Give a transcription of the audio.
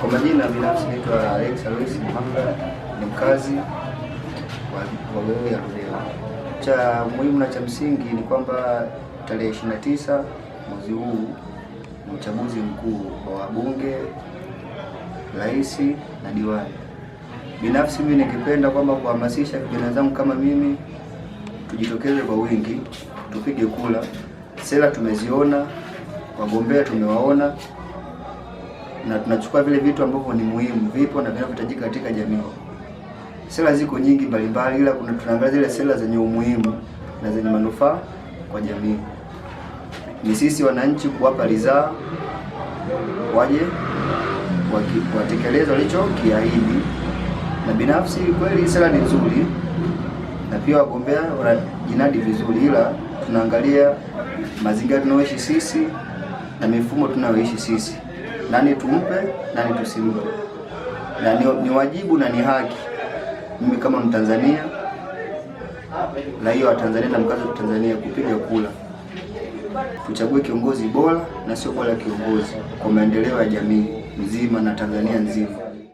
Kwa majina binafsi naitwa Alex Alois Mhanga, ni mkazi wa Wewe ya Ludewa. Cha muhimu na cha msingi ni kwamba tarehe 29 mwezi huu ni uchaguzi mkuu wa wabunge, rais na diwani. Binafsi mimi ningependa kwamba kuhamasisha vijana zangu kama mimi, tujitokeze kwa wingi, tupige kula. Sera tumeziona, wagombea tumewaona na tunachukua vile vitu ambavyo ni muhimu, vipo na vinavyohitajika katika jamii. Sera ziko nyingi mbalimbali, ila kuna tunaangalia zile sera zenye umuhimu na zenye manufaa kwa jamii. Ni sisi wananchi kuwapa ridhaa waje watekeleza kiahidi, na binafsi kweli sera ni nzuri na pia wagombea wanajinadi vizuri, ila tunaangalia mazingira tunayoishi sisi na mifumo tunayoishi sisi nani tumpe nani tusimpe, na ni, ni wajibu na ni haki mimi kama Mtanzania hiyo wa Tanzania na mkazi wa Tanzania kupiga kula, tuchague kiongozi bora na sio bora kiongozi kwa maendeleo ya jamii nzima na Tanzania nzima.